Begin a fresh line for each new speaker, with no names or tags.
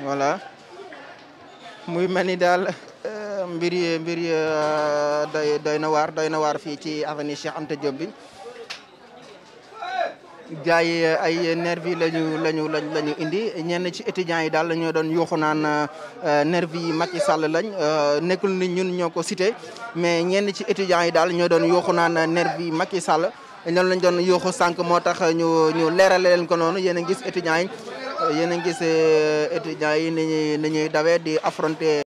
voilà muy mel ni daal euh, mbir yi mbir yi euh, doy doy na waar doy na waar fii ci avenue Cheikh Anta Diop bi gars yi euh, ay nervi lañu lañu lañu indi ñenn ci étudiants yi daal la ñu doon yuuxu naan nervi yi Macky Sall lañ nekkul ni ñun ñoo ko cité mais ñenn ci étudiants yi daal ñoo doon yuuxu naan nervi yi Macky Sall lañ doon yuuxu sànq moo tax ñu ñu leerale leen ko noonu yéen a gis étudiants yi. yéen a ngi gis euh, étudiants yi ni ñuy ni ñuy dawee di affronter